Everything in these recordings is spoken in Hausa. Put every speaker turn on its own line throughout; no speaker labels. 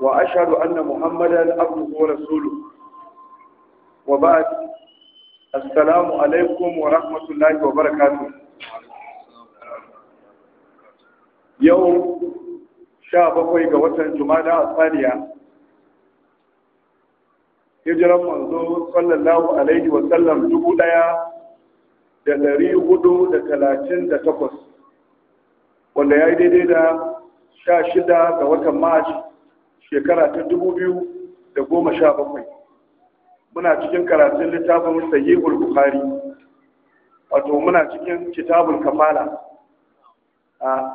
وأشهد أن محمدا عبده ورسوله وبعد السلام عليكم ورحمة الله وبركاته يوم شابكوي قوة جمادة الثانية hijiran manzo sallallahu alaihi wasallam dubu ɗaya da dari hudu da talatin da takwas wanda ya yi daidai da sha shida ga watan maci shekara ta dubu biyu da goma sha bakwai muna cikin karatun littafin sahihul bukhari wato muna cikin kitabul kafala a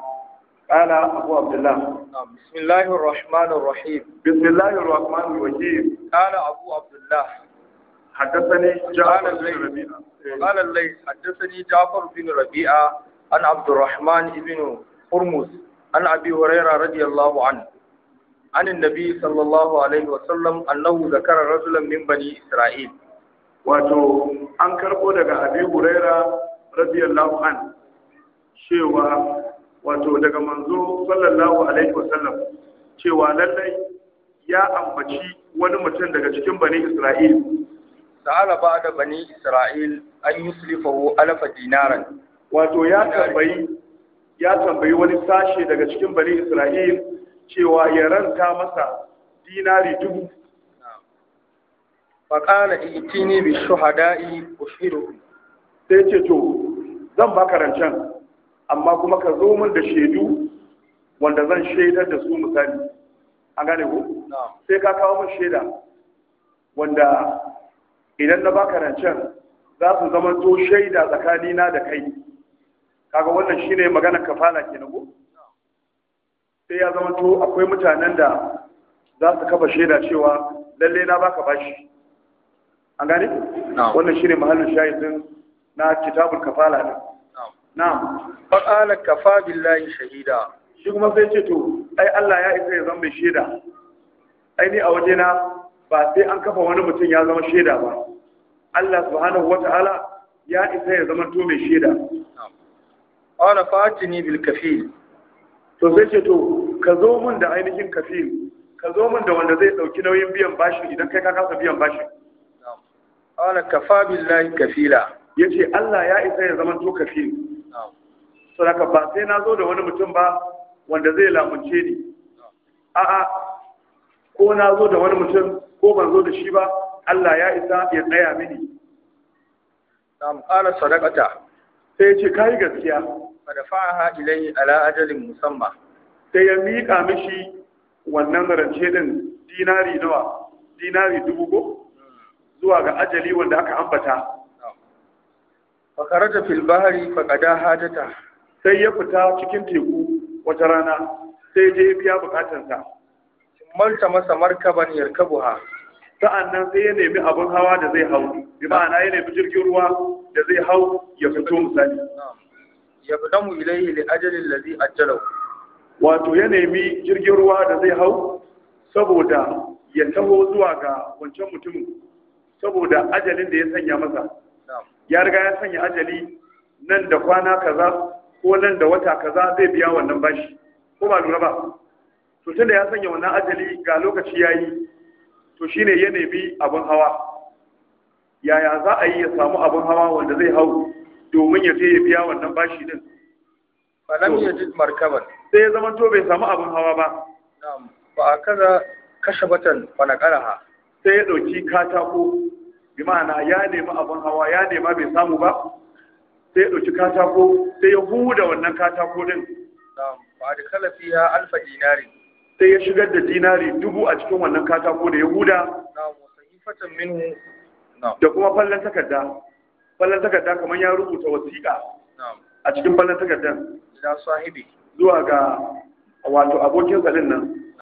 ƙala abu abdullah bismillahir rahmanir rahim bismillahir rahmanir rahim ƙala abu abdullah حدثني جعفر بن ربيعة قال الليث حدثني جعفر بن ربيعة عن عبد الرحمن بن هرمز عن أبي هريرة رضي عن النبي صلى الله عليه وسلم أنه ذكر رجلا من بني إسرائيل wato an karɓo daga abi huraira radiyallahu an cewa wato daga manzo sallallahu alaihi wasallam cewa lallai ya ambaci wani mutum daga cikin bani isra'il sa'ala ba da bani isra'il an yuslifahu alafa dinaran wato ya tambayi ya tambayi wani sashe daga cikin bani isra'il cewa ya ranta masa dinari dubu faƙala itini bi shuhada'i ushiru sai ce to zan baka rancen amma kuma ka zo min da shaidu wanda zan shaidar da su misali an gane ku sai ka kawo min shaida wanda idan na baka rancen za su zama to shaida tsakanina da kai kaga wannan shine magana kafala kenan ku sai ya zama to akwai mutanen da za su kafa shaida cewa lalle na baka bashi an gane wannan shine mahallin shahidin na kitabul kafala din na'am fa qala kafa billahi shahida shi kuma sai ce to ai Allah ya isa ya zama mai shaida ai ni a waje na ba sai an kafa wani mutum ya zama shaida ba Allah subhanahu wata'ala ya isa ya zama to mai shaida qala fatini bil kafil to sai ce to ka zo min da ainihin kafil ka zo min da wanda zai dauki nauyin biyan bashi idan kai ka kasa biyan bashi qala kafa billahi kafila yace Allah ya isa ya zama to kafil saboda ba sai na zo da wani mutum ba wanda zai lamunce ni a'a ko na zo da wani mutum ko ban zo da shi ba Allah ya isa ya tsaya mini mu qala sadaqata sai yace kai gaskiya fadafa'aha ilayhi ala ajalin musamma sai ya mika mishi wannan rance din dinari dinari dubu go zuwa ga ajali wanda aka ambata fa kharaja fil bahri fa qada hajata sai ya fita cikin teku wata rana sai je biya bukatansa malta masa markaban yarkabuha sa'annan sai ya nemi abin hawa da zai hau bi ma'ana ya nemi jirgin ruwa da zai hau ya fito misali yaqdamu ilayhi ajalin ajali a jalau wato ya nemi jirgin ruwa da zai hau saboda ya taho zuwa ga wancan mutumin saboda ajalin da ya sanya masa ya riga ya sanya ajali nan da kwana kaza ko nan da wata kaza zai biya wannan bashi ko ba lura ba to tunda ya sanya wannan ajali ga lokaci ya yi to shine ya nemi abin hawa yaya za a yi ya samu abin hawa wanda zai hau domin ya je ya biya wannan bashi din falam ji markaban sai ya zama to bai samu abin hawa ba na'am fa akaza kashabatan fa naqaraha sai ya dauki katako bi ma'ana ya nemi abin hawa ya nema bai samu ba sai ya dauki katako sai ya huda wannan katako din na'am fa adkhala fiha alfa dinari sai ya shigar da dinari dubu a cikin wannan katako da ya huda na'am wa sahifatan minhu da kuma fallan takarda fallan takarda kamar ya rubuta wasiƙa a cikin fallan takardar zuwa ga wato abokin salin nan